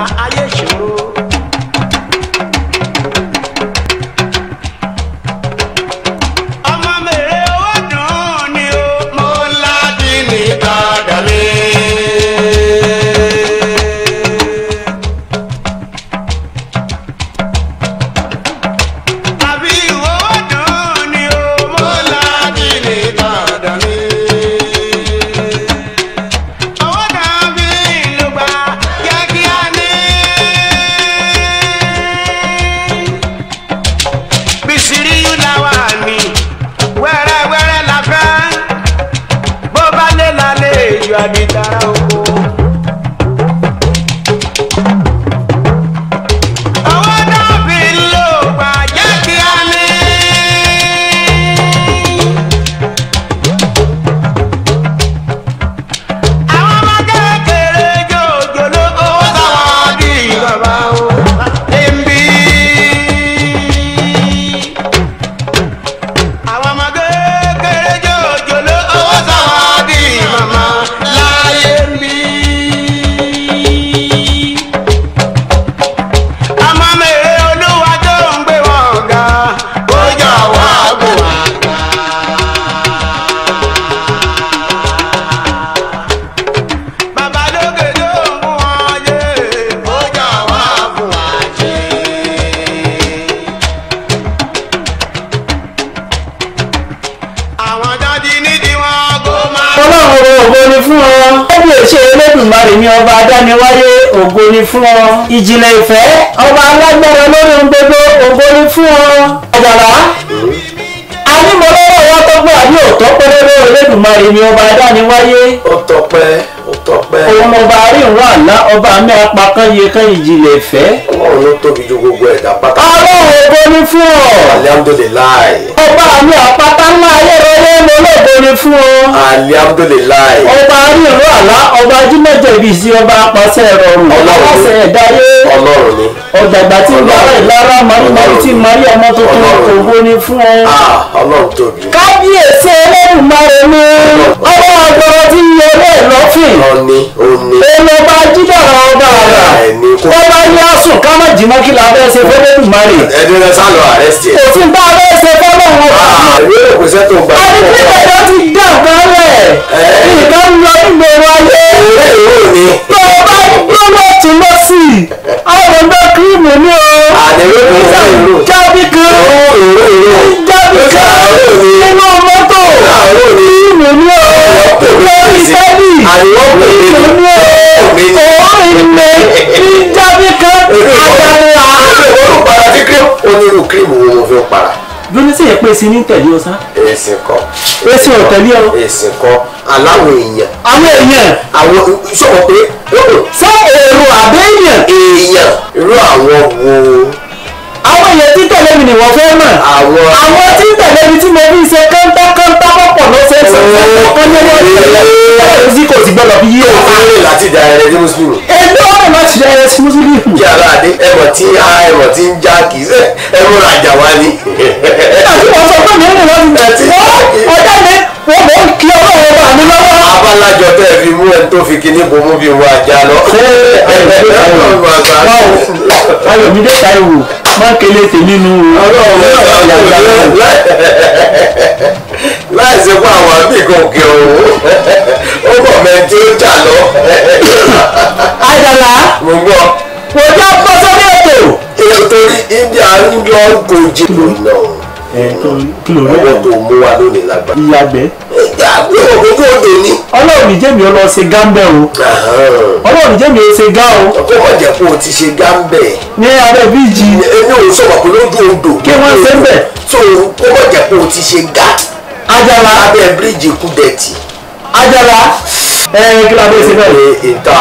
ayé you? you are the Tarauco. Oh. èmi ọba adániwáyé ògo ni fún ọ ìjìnlẹ̀ ìfẹ́ ọba alágbára lórí ohun gbogbo ògo ni fún ọ. ọ̀dàlá anímọ̀lọ́rọ̀ wa tọ́gbọ́ àbí òtọ́pẹ́ lórí olódùmarè ni ọba adániwáyé. ọ̀tọ̀pẹ́ ọ̀tọ̀pẹ́. òun ọba àríwá àlá ọba mi apakan yẹ kan ìjìnlẹ̀ ìfẹ́. ọlọ́run ló tóbi ju gbogbo ẹ̀dá pátá. ọlọ́run ògo ni fún ọ. alihamudulilayi. ọba mi àpáta ńlá ayé ọlọ́mọ olóògbé ni fún ọ. alihamudulilayi. ọba aríran àlá ọba ajímọ̀jẹ̀bi sí ọba apàṣẹ ìrọ̀rùn ọlọ́sẹ̀ ẹ̀dáyé. ọlọ́run ni. ọ̀dàgbà tí ń bára ìlara mọ́tòmọ́tò tí marí ọmọ tuntun ògbó ni fún ọ. ọlọ́run tóbi. kábíyèsí ẹlẹ́rù máa ronú ọwọ́ agbọ́rọ̀ tí ń yẹ lẹ́ẹ̀ lọ́fìn. ọ̀ni ọ̀ni. èlò ọba ajídàrà ọba àrà. Ah, ọba ní asùn ká má jìnnà kí la bẹ́ẹ̀ ṣe fẹ́lẹ́rù márì. ẹ̀dínlẹ̀ sálọ àrẹ́sì. òfin bá a bẹ́ẹ̀ ṣe fọ́lọ́ bí bàbá ti dà kálẹ̀ nǹkan lọ gbòòrò ayé tó o bá gbọ́ lọ́tún lọ́sì àwọn ọmọ kírìmù ni o jábí kan jábí kan nínú mọ́tò kírìmù ni o lórí sẹ́ẹ̀lì kírìmù ni o òórùn ilé ní jábí kan àjàlá. olùpara kíkẹ́ onírú kírìmù wo mo fi ń para. bí oníṣèyẹ pé sí ní tẹ̀lé ọ̀sán èsì kọ́. èsì ọ̀tẹ̀lẹ́ ọ. èsì kọ́ aláwọ̀ èèyàn. àwọn èèyàn. àwọn sọ̀rọ̀ pé. sọ èrò àbẹ́yàn. èèyàn irú àwọn wo òye tí tẹ̀lé mi nìwọ fẹ́ mọ̀ àwọn tí tẹ̀lé mi tí mo fi ṣe kọ́ńtà kọ́ńtà pọ̀pọ̀ ló ṣe é ṣe kọ́ńtà ní ọ̀rẹ́ tí kò sì gbọ́dọ̀ fi yé o. ọ̀rẹ́ rẹ̀ láti da ẹrẹ sí mùsùlùmí. ẹgbẹ́ ọ̀rẹ́ láti da ẹrẹ sí mùsùlùmí. kí aláàdé ẹ̀rọ̀ tí a ẹ̀rọ̀ tí ń já kì í ṣe ẹ̀rọ rajà wá ní. àti wọ́n sọ pé mi ń rìn lọ́dún ọ̀dà mi wọ́n mọ̀ ń kí ọlọ́run bá mi lọ́wọ́. abálájọ tẹ́ ẹ fi mú ẹni tó fi kinní bò mú bí wọ́n ajá lọ. ṣé ẹ ẹ ẹ ẹ ẹ ẹ má kele tèmi nu o. láì ṣe fún àwọn abíkan òkè o ó bọ̀ mẹ́ tí ó jà lọ. àjàlá mo gbọ́. mo jẹ́ bọ́sọ́lẹ̀ ètò. ètò India ń lọ gòjì lọ kí ló rẹ. owó tó mú wa lónìí lágbà. ìyàgbẹ́. ìyàgbẹ́ òkúkú odò ni. ọlọ́run ní jẹ́mi ọ lọ ṣe gámbẹ́ o. ọlọ́run ní jẹ́mi ọ ṣe gá o. kó o kó o ti ṣe gámbẹ́. ní abẹ́ bíjì. èmi ò sọ̀rọ̀ pé lójú odò. kí wọ́n ṣe ń bẹ̀. so kó o kó o ti ṣe gá. ajala abẹ́ bíríìjì kúdẹ̀tì. ajala ẹ kí la bẹ́ẹ̀ ṣe bẹ́ẹ̀. ìta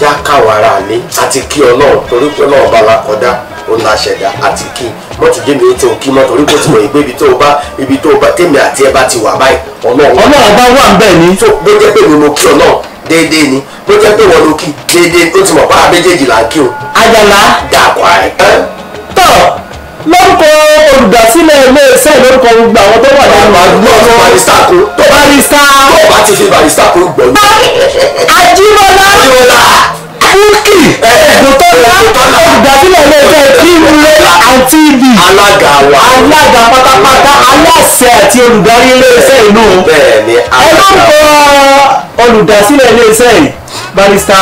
já káwọn ara mi àti kí ọlọ́run torí pé ọlọ́run bá la kọjá ó la ṣẹ̀dá àti kí mọ́tò jẹ́mi ètò òkí mọ́tò orí kò tí mo ìgbé ibi tó o bá ibi tó o bá tèmi àti ẹ bá ti wà báyìí ọlọ́run. ọlọ́run bá wà nbẹ̀ ni. tó bó jẹ́ pé mi mo kí ọlọ́run déédéé ni bó jẹ́ pé wọn ló kí déédéé ó ti mọ̀ bá abéjèèjì là ń kí o. Àjàlá. dàkọ̀ àrẹ. tọ́ lórúkọ olùdásílẹ̀ iléeṣẹ́ lórúkọ gbogbo àwọn tó wà nínú. barista kun tó bá ti fi barista kun gbọ́ olùdásílẹ̀ ilé-iṣẹ́ Primrose and TV alága wa alága pátápátá aláṣẹ àti olùdarí ilé-iṣẹ́ inú ẹ lórúkọ olùdásílẹ̀ ilé-iṣẹ́ yìí barista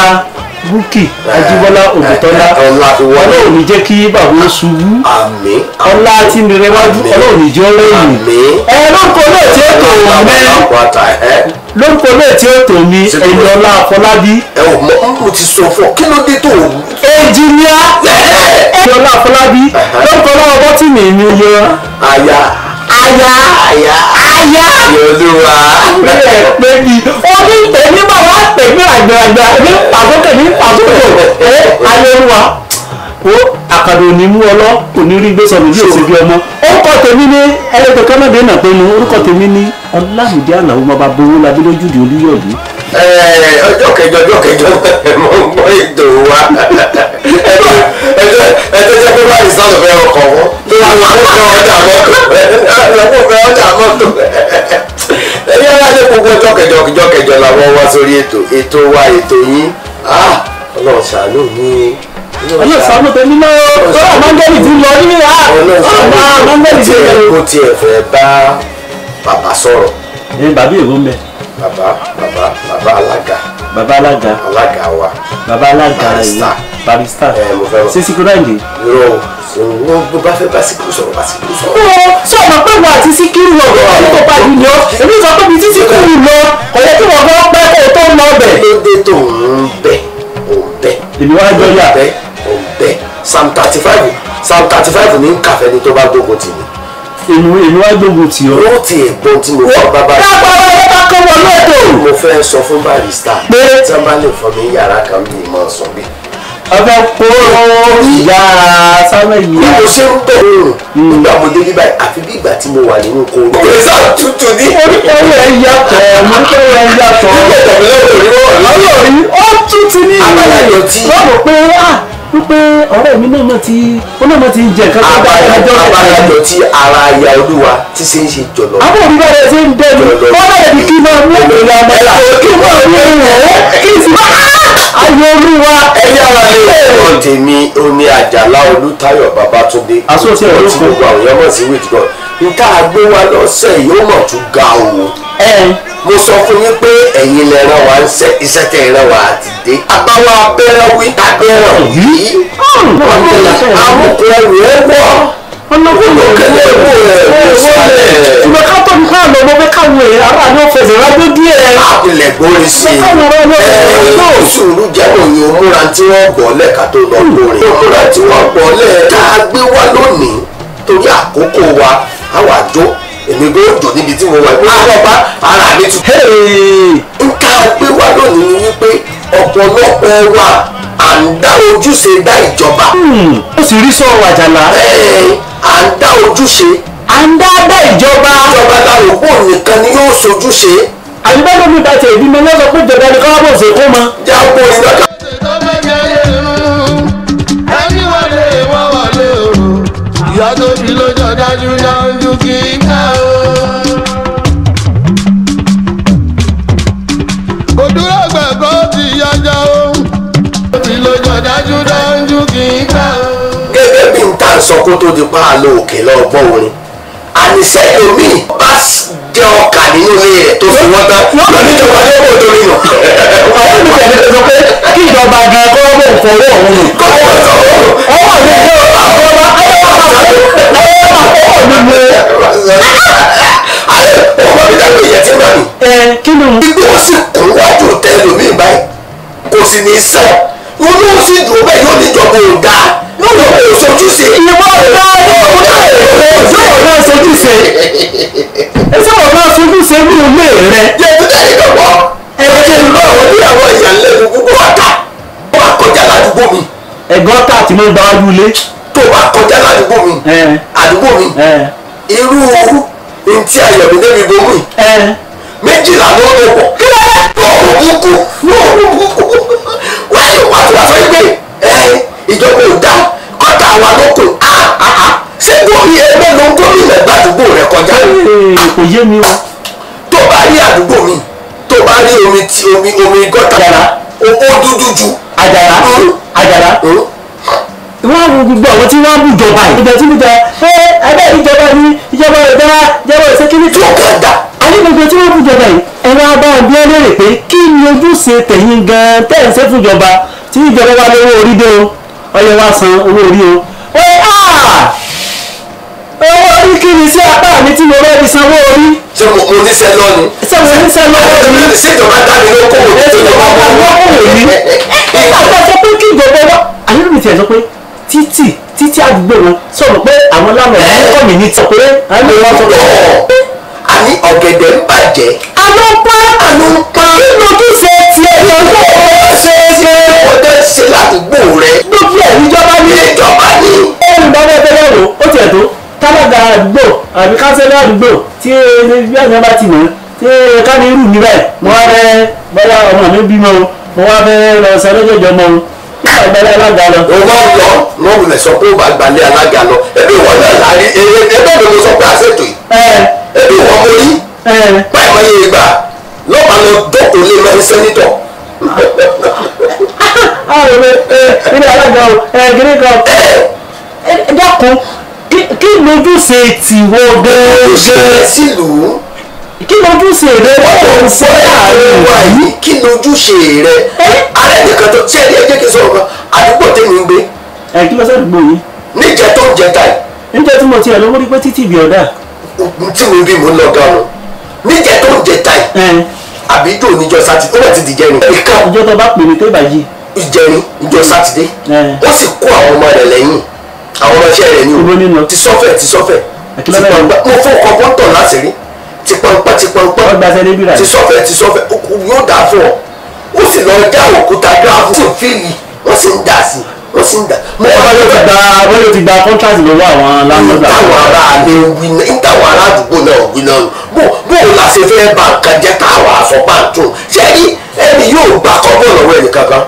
búkì ajíbọ́lá ògùtọ́lá ọlọ́run ní jẹ́ kí bàbá ó ṣubú ọlá tí ń rẹwájú ọlọ́run ní jẹ́ ọ̀rẹ́ yìí ẹ lórúkọ olóòtú ètò mẹ́rin ló ń polé tí ó tò mí ẹ̀yìn ọlá àfọlábí. ẹ ò mọ mo ti sọ fún ọ kí ló dé tó o. ẹnjìníà ẹ̀yìn ọlá àfọlábí ló ń polówó bọ́tì mi ní oyè wa. àyà àyà àyà àyà yòlúwa. bẹ́ẹ̀ pé mi ó ní èmi máa wá pè mí àgbàlagbà ní pàtókè ní pàtókè ẹ ayélujára ó àkàdé òní mú ọlọ́ kò ní rí gbèsè lójú òsè bí ọmọ orúkọ tèmi ní ẹlẹ́tọ̀ kánádé náà pé mu orúkọ tèmi ní ọlámìdí àlàó bàbá bowó labí lójúde olúyọ̀dú. ọjọ́ kẹjọ ọjọ́ kẹjọ mo ń gbọ́ ètò wa ẹjọ́ jẹ́ pé báyìí sọ̀rọ̀ fẹ́ ọkọ̀ wọn tó wà lọ́wọ́ fẹ́ ọjà mọ́tò ẹ̀yẹ́ láti gbogbo ọjọ́ kẹjọ ọjọ́ kẹjọ làwọn wá sórí ètò ètò wa ètò yín ah, ọlọ́run ṣàánú mi ọlọ́sàn-án tẹ̀lé náà ọlọ́run mangẹ́lì ti lọ yín rà ọlọ́run mangẹ́lì ti lọ. kó tiẹ̀ fẹ́ bá bàbá sọ̀rọ̀. ẹ bàbá èrò ń bẹ. bàbá bàbá bàbá alága. bàbá alága. alága wa. bàbá alága barista. barista ṣé Síkírù irọ́ wọn bó bá fẹ́ básíkìrì sọ̀rọ̀ básíkìrì sọ̀rọ̀. ó sọ ma pé wọn àti Síkírù wọn kò tó tó bá yìí lọ èmi sọ pé mi ti Síkírù lọ kò yẹ kí wọn bá pẹ́ kó tó ń lọ bẹ̀ bẹ́ẹ̀ psalm thirty five psalm thirty five ní kàfẹ́ ni tó bá gbógun tì mí. èmi èmi wá gbógun tì ọ́. yóò ti ẹ̀gbọ́n tí mo fọ́ bàbá rẹ̀. bàbá rẹ̀ bá kọ́ wọn lọ́dọ̀. mo fẹ́ sọ fún barista pé tí wọ́n bá lè fọ mi yàrá kan bí mo sọ bí. ọbẹ̀ kúrò ìyá sámẹ̀ yìí. bí mo ṣe ń bẹ̀ hmm. nígbà mo dé bíbá àfi bí ìgbà tí mo wà nínú koro. kòrìsà tutù ní. oníkẹ́wẹ́ yàtọ̀ oníkẹ́wẹ́ yàtọ̀. nígbà tó ń lọ́wọ́ rí ó tutù ní. abẹ́rẹ́ yóò ti. lọ́wọ́ pé ah wípé ọ̀rẹ́ mi náà mọ̀ tí onáàmọ̀ ti ń jẹ nǹkan tó dára ẹjọ́ rẹ̀. abáyájọ tí ara ya olúwa ti ṣe ń ṣe jọlọ. àwọn òbí bá rẹ̀ ṣe ń dẹnu kọ́lá ẹ̀dí kí máa mú ìlú ọmọ ẹ̀rọ kí wọ́n mú ìwọ̀ kí n sì bá ayé olúwa. ẹyẹ ara lè rọ tèmi oní àjàlá olútayọ babatunde. aṣọ tí ẹ ló fún un. tí gbogbo àwọn yẹn mọ̀ sí wíìtì náà nta àgbéwá lọ́sẹ̀ yìí ó mọ̀ tún ga òun mo sọ fún yín pé ẹ̀yin lè ràn wá iṣẹ́ tẹ̀ ẹ̀ ràn wá àti dé. àbáwọ̀ abẹ́rẹ́ wí abẹ́rẹ́ yìí wọ́n ní àbùkù ẹrù ẹ̀ wọ̀ olókèlè ewu ẹ̀ sálẹ̀. ìgbà ká tó nǹkan àná mo fẹ́ káwọn èèyàn ara ní òfòsè rájò díẹ̀. àpilẹ̀ gbórí sí i ẹ yóò sùúrù jẹ́nu yìí múra tí wọ́n gbọ́ lẹ́ka tó lọ gbórí. múra tí wọ́n gbọ́ lẹ́ka gbé wá lónìí torí àkókò wa àwàjọ èmi gbé òjò níbi tí mo wà pé wọ́n bá ara mi tu. nǹka pé wá lónìí ni wípé ọ̀pọ̀lọpọ̀ wa à ń dá ojúṣe dá ìjọba. Hmm, ó sì rí sọ̀rọ̀ àjàlá. à ń dá ojúṣe. à ń dá dá ìjọba. ìjọba ta rò pò nìkan ni yóò ṣojúṣe. àyùbá lómi bá ti ẹ̀bí mi lọ́sọ̀ pé jọba ni káwá bò ṣe kó mọ. jáwọ́ ìdọ́ka tó di pa àlọ òkè lọ bọ orin àníṣe ẹlòmíì bá jẹ ọkà nínú ilé rẹ tó fi wọn tán lọ níjọba ní owó torí nù. àwọn olùkọ́ mi sọ pé kí ìjọba gan kọ́ owó ìfọwọ́ òun ni. kọ́ owó ìfọwọ́ òun. ọwọ́ mi ní ọba ọba ọba ọba mi ní. ale ọmọ mi dàgbé yẹn ti rà mí. ẹ kí ló ń. gbígbé wọn sì kún wájú tẹ ẹlòmíì báyìí kò sì ní í sẹ wọn ló sì dùn bẹ́ẹ̀ yóò níjọba ò dáa lọ́nà kò sojú sí. ìwọ ọ̀gá ọ̀gá rẹ̀ ẹ̀sọ́ ọ̀gá sojú sí. ẹ̀sọ́ ọ̀gá sojú sí ní ilé rẹ̀. jẹ́túndé ìdọ̀pọ̀ ẹ̀rọ ṣe ń bá àwọn oníyàwó ìyàlẹ́nu gbogbo ọ̀tá bá kọjá ládùúgbò mi. ẹ̀gbọ́n tá àti mọ́ gbáwájú ilé. tó bá kọjá ládùúgbò mi àdúgbò mi irú ntí ayọ̀mí débi bomi méjìlá ló ń wọ̀ ọ̀rọ̀ kúkú wọ́n yóò wá tó wá sọ yí pé ìjọba ò dá kọ́tà wa lóko ah, ah, ah. ṣé gómìnà ẹgbẹ́ ló ń gómìnà gbàdúgbò rẹ kọjá. kò yé mi o. tó bá rí àdúgbò mi tó bá rí omi ti omi omi gọ́tà ó dúdú ju. àjàrà hmm? àjàrà hmm? wọ́n á wo gbogbo àwọn tí wọ́n á bù jọba yìí. ìjọ tí mo jẹ ẹ ẹgbẹ́ ìjọba ni ìjọba ìjọba ìjọba ìṣèkiri tí ó kọ̀ dà. àní gbogbo tí wọ́n bù jọba yìí ẹ máa bá wọn bí ẹ lérè pé kí ni ojúṣe tẹ̀yìn gan-an tẹ̀ ń ṣe fún ìjọba tí ìjọba wa lówó orí dé o ọyẹ wá san owó orí wọn ó yẹ owó orí kí ni sí apá mi tí mo bẹ́ẹ̀ fi sanwó orí. ṣé mo mo níṣẹ́ lọ́ni. ṣé mo níṣẹ́ lọ́ni. ṣé ìjọba dá mi lókòwò ní ìjọba dá mi lókòwò ní. nígbà tó sọ pé kí gbogbo wọn àyẹ̀wò mi tiẹ̀ sọ pé títì títí àdúgbò wọn sọ̀rọ̀ pé àwọn lánàá ẹ̀ kọ́ mi ní tọ̀ pé àmì wọn sọ pé. àní ọ̀gẹ̀dẹ̀ ń bàjẹ́. àlọ́ pa àlọ́ pa. kí ló dé àdúgbò rẹ. dúkìá ìjọba ní ìjọba ní. olùdarí ẹgbẹ́ náà wò ó tiẹ̀ tó tálága àdúgbò àbí kánsẹ́lẹ̀ àdúgbò tí bí àná bá ti nà tí ká ní irú mi báyìí mo wá fẹ́ bọ́lá ọmọ mi bímọ mo wá fẹ́ lọ sọ lójoojọ́ mọ́ nígbà ìgbàlẹ̀ alága lọ. o wá ń lọ ló ń lẹ sọ pé ó bá gbalẹ̀ alága lọ ẹbí ìwọ náà láàrin ẹgbẹ́ mi ló sọ pé àṣetò yìí ẹbí ìwọ mo rí báyìí mo yé e gbà lọ́ọ̀bà lọ dọ́kùnrin lọ́ọ́ sẹ́nitọ̀ àwọn ilé alága gírí kan dákun kí lójúṣe tìwọ gẹ́gẹ́ sílùú kí lójúṣe rẹ wọ́n fọ́ láàrin wa yìí kí lójúṣe rẹ alẹ́ nìkan tó tí ẹ ní ẹjẹ́ kí n sọ̀rọ̀ kan àdúgbò tèmi ń gbé. ẹ kí ló sọ àdúgbò yìí. níjẹ tó ń jẹ ta yìí. níjẹ tí mo tiẹ̀ lówó rí pé títí ìbí ọ̀dà. tí mo bí mo ń lọ gan-an níjẹ tó ń jẹ ta yìí àbí jò níjọ́ sátidé ó bẹ̀ ti dìjẹ́ ni. ìjọ tó bá pè mí pé bàjẹ́. ìjẹrin níjọ́ sátidé ó sì kó àwọn ọmọ rẹ̀ lẹ́yìn àwọn ọmọ iṣẹ́ rẹ̀ ni o ti sọ́fẹ̀ ti sọ́fẹ̀ ti pọnpẹ́ mo fún ọkọ̀ bọ́tọ̀ láti rí ti pọnpẹ́ ti pọnpẹ́ ti sọ́fẹ̀ ti sọ́fẹ̀ yóò dáa fún ọ ó sì lọ já òkúta gíráfù sí fíìlì wọ́n sì ń dà sí ó sì ń dà. mo máa ló ti gba wọ́n ló ti gba contract lọ́wọ́ àwọn aláǹdọ́gbà. ìtàwọn ará mi wí náà ìtàwọn ará àdúgbò náà bó o la ṣe fẹ́ bá nǹkan jẹ́ táwa àfọ̀páǹtò ṣé rí ẹni yóò gbà kọ́bọ̀ lọ́wọ́ ẹnì kankan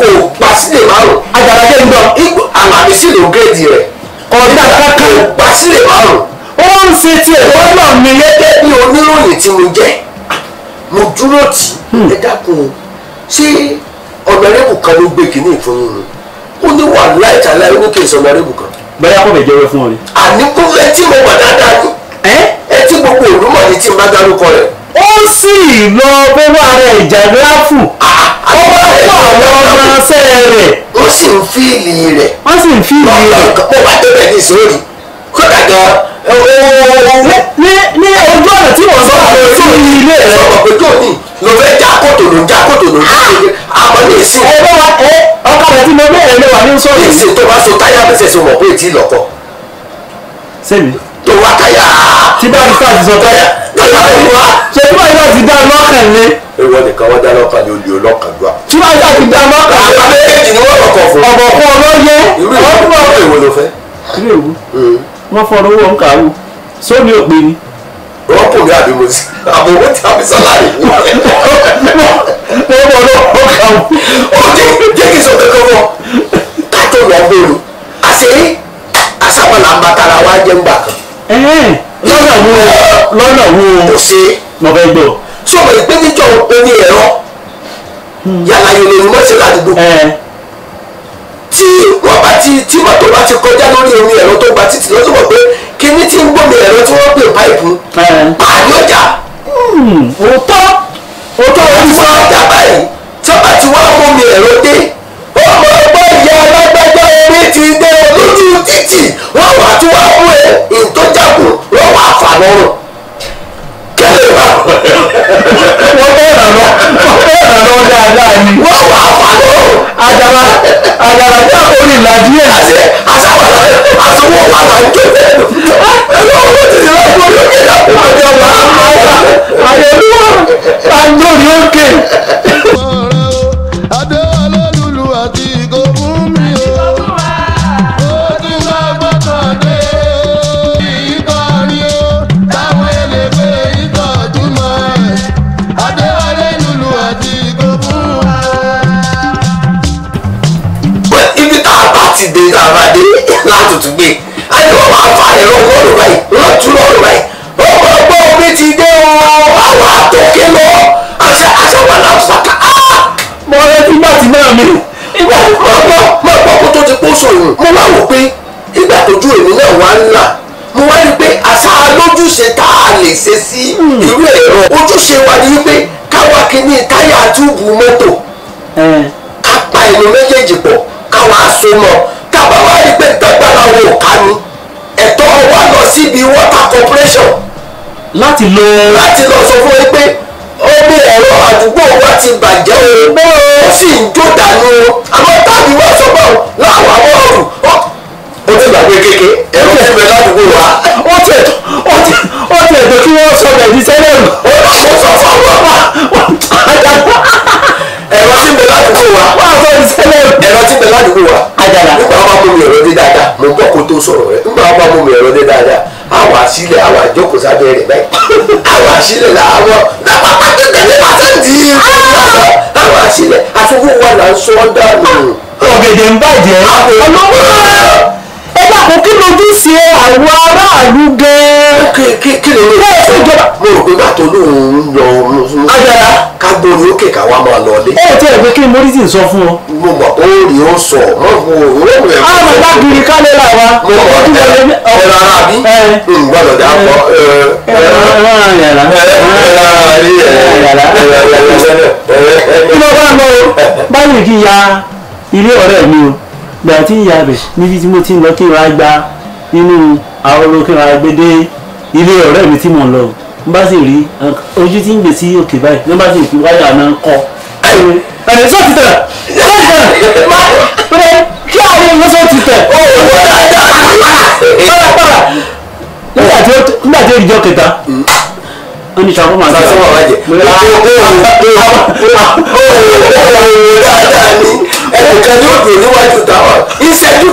kò pa sílẹ̀ márùn. àjàlájẹ́ ń gbọ́. àmàmì sílẹ̀ ògèdì rẹ̀. ọ̀dà kankan. kò pa sílẹ̀ márùn. ó ń ṣe tiẹ̀ lọ́nà mi. gẹ́gẹ́ bí oníròyìn tí mo jẹ́ mo dúró tì í hmm. ẹ dákun ṣé ọ̀nàrẹ́bù kan ló gbé kínní fún yín ni ó ní wàhálà ìtàlá ẹ̀ ní kí n sọ ọ̀nàrẹ́bù kan. bẹ́ẹ̀ kọ́ bẹ̀ jẹ́wọ́ fún ọ ni. àníkú ẹ tí mo wà dáadáa ni. ẹ́ etí gbogbo ìlú mọ̀ ní tí n bá dárúkọ rẹ̀. ó sì lọ bọ́wọ́ ara ìjà ńlá fù. ó wá fún àwọn ọmọọṣẹ́ rẹ̀. ó sì ń fíìlì rẹ̀. ó sì ń fíìlì rẹ̀. mo bá débẹ̀ ní ìsòrí kódà gan. ní ní ojú ọ̀nà tí wọ́n sọ àwọn sí ilé rẹ̀. sọ̀rọ̀ pé tó ní ló fẹ́ já kòtò ló já kòtò ló já àmọ́ ní èsì. ẹ bá wa ẹ ọkọ rẹ tí mo bẹ̀rẹ̀ lẹ́wà ní sọ̀rọ̀. èsì tó bá so táyà mi ṣẹ̀ṣẹ̀ mọ̀ pé ètí lọ́kọ̀. sẹ́mi tó wá káyà. tí bá ìfà ti sọ káyà. káyà ló wá. ṣé tí báyìí náà ti dá lọ́kàn ni. ewọ nìkan wọ́n dá lọ́kàn ni olè ọlọ́kàn gbà. tí báyìí náà ti dá lọ́kàn. àwọn méjèèjì ni wọ́n rọ̀kọ̀ fún. ọ̀bọ̀kún ọlọ́yẹ. irú èwo ló fẹ́. irú èwo wọ́n fọ́nrọ́ owó ń kàrú sómi ò pè ní. wọ́n kò ní àbí mo ti àbò owó ti àbí sálárì. mo mọ̀ ló ó kà ó. ó jẹ́ jẹ́ kí sọ kankan ṣe mo fẹ́ gbọ́. sọ ma ìpè níjọ omi ẹ̀rọ yàrá yòlè ni mọ́ṣẹ́ ládùúgbò tí wọ́n bá ti tí mọ́tò bá ti kọjá lórí omi ẹ̀rọ tó gba títì lọ́sọ̀ mọ̀ pé kíní tí ń gbómi ẹ̀rọ tí wọ́n pè páìpù pàdé ọjà. Hmm. òótọ́ òótọ́ orí sọ ọjà báyìí tí wọ́n bá ti wá gbómi ẹ̀rọ dé wọ́n mọ ọgbọ́n ìyá alágbájá omi ti dé lójú títì wọ́n wà tí wọ́n mú ẹ̀ ń jágùn wọ́n wà fà lọ́rùn wọ́n bẹ́ẹ̀ ràn lọ wọ́n bẹ́ẹ̀ ràn lọ dáadáa ni. wọ́n wà wá àjàrà àjàrà tí a ìlàjì ẹ̀. àṣẹ àṣàwọ̀ àṣọwọ́ wà wá kéde. ẹ̀rọ owó ti ti lọ́kọ́ lókè náà. àjọba àyẹ̀wò àjọ ni ó ké. láti tún gbé àti wọn máa fa ẹ̀rọ kọ́ọ̀lù báyìí lọ́tún lọ́ọ̀lù báyìí wọ́n máa gbọ́ omi ti dé wọn àwọn àtòkè lọ àṣà àṣà wà láti sàkà á. mo rẹ ti bá ti máa mi. ìgbà tó máa gbọ́ máa gbọ́ kó tó ti kó sọ̀rọ̀ mo máa wò pé ìgbà tójú èmi náà wà ń là mo wá rí i pé àṣà lójúṣe tá a lè ṣe sí hmm. irú ẹ̀rọ ojúṣe wa ni wípé káwa kí ní táyà túùbù mọ́tò láti lo. láti lọ sọ fún ẹ pé omi ẹ̀rọ àdúgbò wa ti bàjẹ́ o ó sì ń jó dànù o àwọn táàbì wà sọ́gbà láwọn àwọn ọ̀rùn ó ti gbàgbé kéke ẹ̀rọ ti bẹ ládùúgbò wa. ó ti ó ti ó ti ẹ̀dọ̀ kí wọ́n sọ bẹ̀rẹ̀ sẹ́lẹ̀ nù. ó lọ sọ sọ fún ọmọ wa. ẹ̀rọ ti bẹ ládùúgbò wa. wọ́n á sọ ní sẹ́lẹ̀ nù. ẹ̀rọ ti bẹ ládùúgbò wa. ajala nígbà wọn bá mú mi ọ̀rọ̀ dé dáadáa mo gbọ́ kó tó sọ̀rọ̀ rẹ̀ nígbà wọn bá mú mi ọ̀rọ̀ dé dáadáa àwa sílẹ̀ àwa ìjókòó sábẹ́ rẹ̀ báyìí àwa sílẹ̀ làwọn náà bá tètè ní pàṣẹ́ǹtì àwa sílẹ̀ àfikún wa là ń sọ ọ́ dáa nù. ọ̀gẹ̀dẹ̀ ń bàjẹ́ ọlọ́wọ́ dàpọ̀ kí lójúṣe àwọn aráàlú gan kí kí lè lè fẹ́ ìjọba. mo rò pé bàtò lòun ń lọ ọ̀run. agbára ká gbóni ókè ká wá máa lọlé. ẹ tẹ ẹ pé kí ni mo rí sọ fún ọ. mo mọ ó rí ó sọ mọ mo rò ó rẹ. àwọn ọba kiri kálẹ̀ là wa. mo mọ ẹ ẹ rárá bí n gbọ́dọ̀ dà pọ. ẹ ẹ rárá yàrá. ẹ ẹ rárá rí ẹ yàrá. ẹ ẹ rárá rí ẹ yàrá. kí ló bá ń lọ báyìí kí ya ilé ọ̀rẹ́ mi o gbà tí ìyá rẹ̀ níbi tí mo ti ń lọ kí n wá gba inú ahoro kí n wá gbé dé ilé ọ̀rẹ́ mi tí mò ń lọ n bá sì rí ojú tí ń gbè sí òkè báyìí n bá sì fi wáyà náà kọ́. ẹ̀rọ sọ ti tẹ̀ sọ́ọ̀tì kí àwọn ọmọ sọ ti tẹ̀. nígbà tí ó rí jọ kẹta ó ní sọ màá sọ màá jẹ. ele vai òjò níwájú táwọn ìṣẹ́jú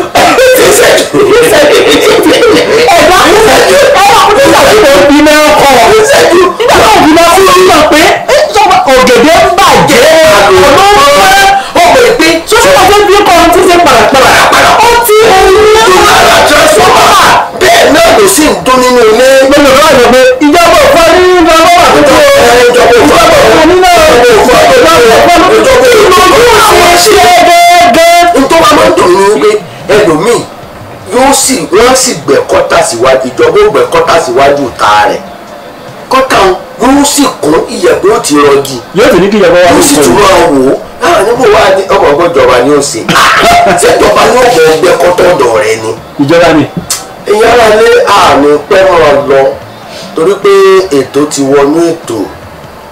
síwájú ìjọba ògbẹ kọ́tà síwájú ta rẹ̀ kọ́tà yóò sì kún ìyẹ̀pẹ̀ ó ti rọjú. yóò fi ní kí ìjọba wà ní ìjọba yóò sì tún máa wò ó nígbà ah, wà ní ọkọ̀ ìjọba ni ó ṣe ah, ìjọba ni ó bọ̀ ọgbẹ́ kọ́tà ọ̀dọ̀ ni. ìjọba ni. ìyára lé àmì pẹ́ràn lọ torí pé ètò ti wọnú ètò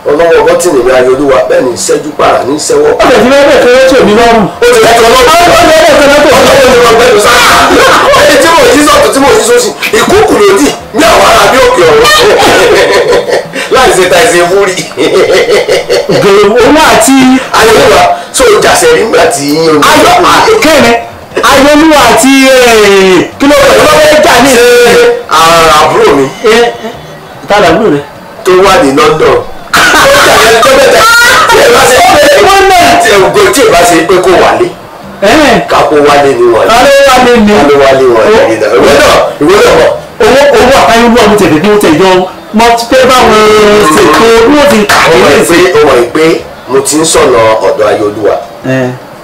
ọlọ́wọ́ bọ́tìnì ní ayọ̀lúwa bẹ́ẹ̀ ni ìṣẹ́jú para ní ìṣẹ́wọ́. ó lè fi lọ́wọ́ bẹ́ẹ̀ kẹ́rẹ́ tó mi lọ́rùn. ó ti lẹ́kọ̀ọ́ lọ́wọ́ ó lè lọ́wọ́ kẹ́rẹ́ tó mi lọ́rùn. ọlọ́wọ́ bẹ́ẹ̀ lọ́sà ẹni tí mo jí sọ̀tún tí mo jí sọ́sì ìkúkù lòdì ní àwọn ará bí òkè ọ̀rọ̀ láì ṣe ta ẹsẹ wúri. gèrè owó àti. ayọ̀lúwa tó o jà sẹ́rí nígbà tí yín o. ayọ̀ ah, kẹ́rẹ́ ayọ̀lúwa àti eh, kílọ̀ ọ̀rẹ́ jà ní. ṣé ah, àbúrò mi. ẹ eh, eh, tàbí àbúrò rẹ. tó wà ní London tí ìbá ṣe pé kó wálé kakó wálé ni wọ́n yìí wálé ni wọ́n wálé wọ́n yìí náà ìwé náà ìwé náà bọ̀. owó owó àtàyè wọ́n mi tẹ̀lé bí wọ́n tẹ̀lé yọ mọ pé báwọn ṣètò wọ́n ti kàkiri sí. ọmọ yìí pé mo ti ń sọ̀nà ọ̀dọ̀ ayélujára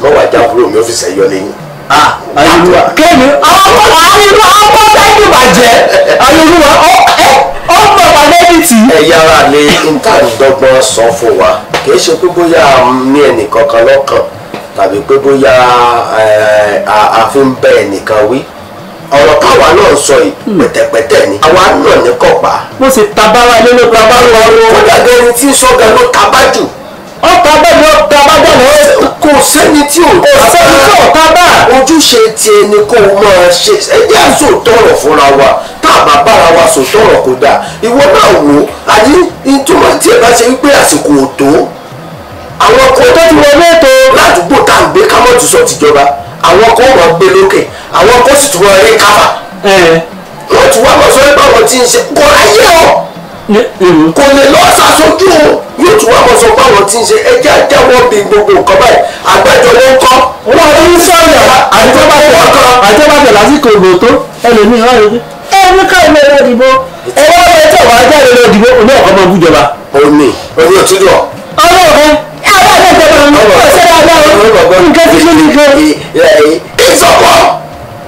mọ wàá já àbúrò mi ọ́fíìsì ẹ̀yọ́ lẹ́yìn. ayélujára kéèmí àwọn ọmọ àwọn ọmọ táyé bàjẹ́ ayélujára ọ̀ ẹ́ ó ń bọ̀ wá lẹ́bìtì. ẹ yára lé nǹkan sọ fún wa kì í ṣe pé bóyá ní ẹnìkan kan lọ́kàn tàbí pé bóyá àfi ń bẹ ẹnìkan wí ọ̀rọ̀ káwa náà sọ yìí hmm. pẹ̀tẹ̀pẹ̀tẹ̀ ni àwa náà ní kọ̀pá. mo sì tabára lé ló tabára lọ. kódà gẹ́rin tí sọ́gà ló tabá jù ọ̀tá bẹ́ẹ̀ ni ọ̀tá bá dà lọ́wọ́. kò sẹ́ni tí ò tá bá sẹ́ni tí ò tá bá. ojúṣe ti ẹni kó o máa ṣe ẹ àṣọ tọrọ fúnra wa tá a bá bára wa sọ tọrọ kó dáa ìwọ náà wò ó àní ìtumọ̀ tí ẹ bá ṣe wípé àsìkò ò tó àwọn ọkọ̀ tó ti wọlé ètò ládùúgbò tá à ń gbé kámọ́tù sọ tìjọba àwọn ọkọ̀ wọn gbé lókè àwọn ọkọ̀ sì tún wọlé káfà. wọ́n ti wá lọ sọ pé báwọn ti ń ṣe kọ́ra yé ọ kò lè lọ ṣàṣojú yóò tún wà mọ̀sán pé àwọn tí ń ṣe ẹjẹ́ àjẹwọ́ bíi gbogbo nǹkan báyìí àgbẹjọ ló ń kọ́. wọn ò ní sọ̀rọ̀ àjẹbàjẹ àjẹbàjẹ lásìkò ìbò tó ẹlòmíín wà lójú. ẹ ní káyọ̀ lè lọ dìbò ẹ wá lọ ẹjọ́ wàá jáde lọ dìbò oní ọ̀kan máa bújọba. omi omi ò tún dùn. ọ̀rọ̀ rẹ àwọn àgbẹjọba mi kò sẹ́yà lọ́wọ́ nǹkan tí mo ní gan. ìsọ̀kọ.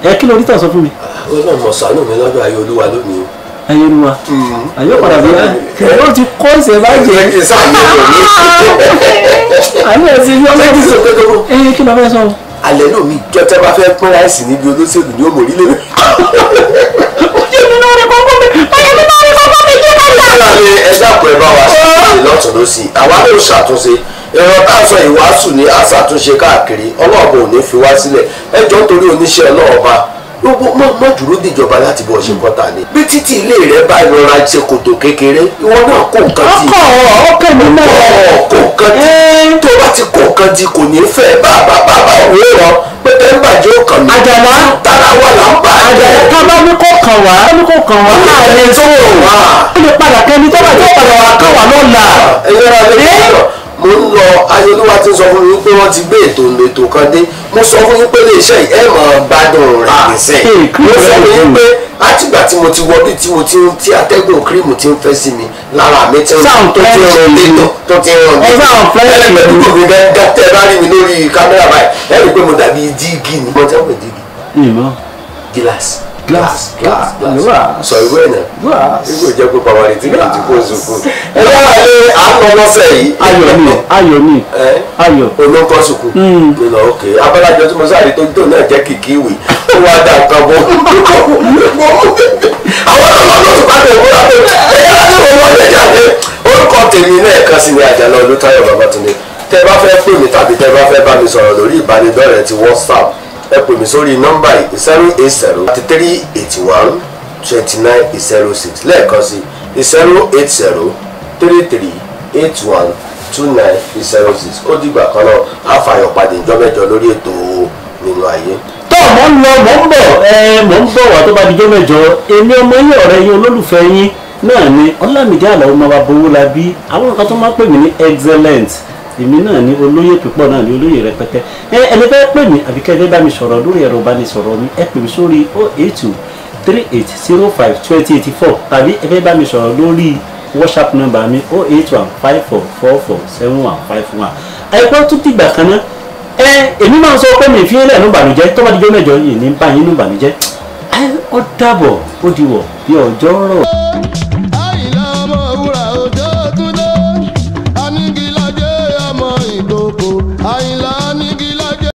ẹ kí ló ní tàn sọ fún mi. ó náà mọ̀ sànú mi lọ́dọ̀ ayé olúwa lónìí ayé nu wa ayé padà bí wa kẹrẹ o ti kọ́ ṣe bá jẹ àmì ẹ̀sìn yọ ọ́ ẹ̀yìn kí ló fẹ́ sọ. alẹ́ náà mi jọ tẹ́ bá fẹ́ pín ráìsì níbi olóṣèlú ni ó mọ̀ orílẹ̀ rẹ̀. ojú mi náà rẹ̀ kọ́kọ́ mi ọ̀yẹ́ mi náà rẹ̀ kọ́kọ́ mi jẹ́ bàtà. ìlànà ẹ dákun ẹ bá wa ṣàtúnṣe lọ́tún lọ́sì àwa náà ṣàtúnṣe ẹ̀rọ táàsọ ìwàásù ni àṣàtúnṣe káàkiri ọlọ́ọ̀bù ò ní fi wá sílẹ̀ ẹjọ́ torí oníṣẹ́ ọlọ́ọ̀ba má má dúró dìjọba láti bọ̀ ṣe kọ́ta ni bí títí ilé rẹ bá rọra ṣe kòtò kékeré ìwọ náà kó nǹkan di ọkọ ọkọ mi náà kó nǹkan di eh. tó bá ti kó nǹkan di kò ní fẹ́ bàbá bàbá òwe rọ pépé ń bàjẹ́ ọkàn mi àjàlá tara wà là ń bà á jẹ́ tábà ní kò kàn wá ní kò kàn wá náà lè tó wà ó lè padà kẹ́ni tó bá tó padà wà kàn wá lọ́la ah, ẹ̀yẹ́ra rẹ̀ eh? mo ń lọ ayélujára ti sọ fún mi pé wọ́n ti gbé ètò ètò kan dé mo sọ fún yín pé iléeṣẹ́ yìí ẹ̀ mọ̀ gbádùn rẹ̀ ah, nísìnyí mo sọ fún yín pé látìgbà tí mo ti wọlé tí mo ti ń tí atẹ́gùn kírìmù ti ń fẹ́ sí mi lára mi tí ó ti ń ràn mí tó tó ti ń ràn mí tó ẹlẹ́gbẹ̀ẹ́ dúró mi bẹ́ẹ̀ gàtẹ́ bá rí mi lórí kámẹ́rà báyìí ẹ pé mo dàbí dígí ni mo tẹ́ pé dígí gíláàsì glass glass glass sọ ìwé ẹ̀nà gbígbó jẹ́ pé pàwárí tí kìí ti kó zuku. ẹ bá wà ní àánú lọ́sẹ̀ yìí. ayọ̀ ni ayọ̀ ni ayọ̀. olóńkọ́ sùkú. mi mm. lọ òkè abálájọ tí mo sáré tó tó náà jẹ́ kìkì ìwé ó wá dá nǹkan bọ́. àwọn ọmọ náà tó bá lè múra pé ẹ̀yà ni mo wọ́n lè jáde. orúkọ tèmi náà kan sí ni Àjàlá Olútáyọ̀ Babátúndé tẹ bá fẹ́ pè mí tàbí tẹ bá fẹ́ bá mi sọ̀rọ̀ lórí ìbánidọ́rẹ̀ẹ́ ti WhatsApp ẹ pè mí sórí nọ́mbà yìí zero eight zero thirty three eighty one twenty nine zero six lẹ́ẹ̀kan sí zero eight zero three three eight one two nine zero six ó dìgbà kan náà àfàyàn pàdé ìjọ́mẹ́jọ lórí ètò nínú ayé mọ̀ ń lọ mọ̀ ń bọ̀ ẹ mọ̀ ń bọ̀ wá tó bá dijọ́ mẹ́jọ èmi ọmọ yín ọ̀rẹ́ yín olólùfẹ́ yín náà ni ọlámìdí àlọ́ ọmọ wa bowó la bí àwọn kan tó máa ń pè mí ní excellent èmi náà ní olóyè púpọ̀ náà ní olóyè rẹpẹtẹ ẹni fẹ́ pè mí àbí kẹ́ ẹ bá mi sọ̀rọ̀ lórí ẹ̀rọ ìbánisọ̀rọ̀ mi ẹ pè mí sórí o oh eight two three eight zero five twenty eighty four tàbí ẹ fẹ́ bá mi sọ̀rọ̀ lórí whatsapp number mi o oh eight one five four four four seven one five one àyẹ̀kọ́ tún ti gbà kan náà ẹ èmi máa ń sọ pé mi fi ń ìbànújẹ́ tó bá mẹ́jọ yìí ní báyìí ní ìbànújẹ́ ó dàbọ̀ ó diwọ̀ bí ọjọ́ rọ̀.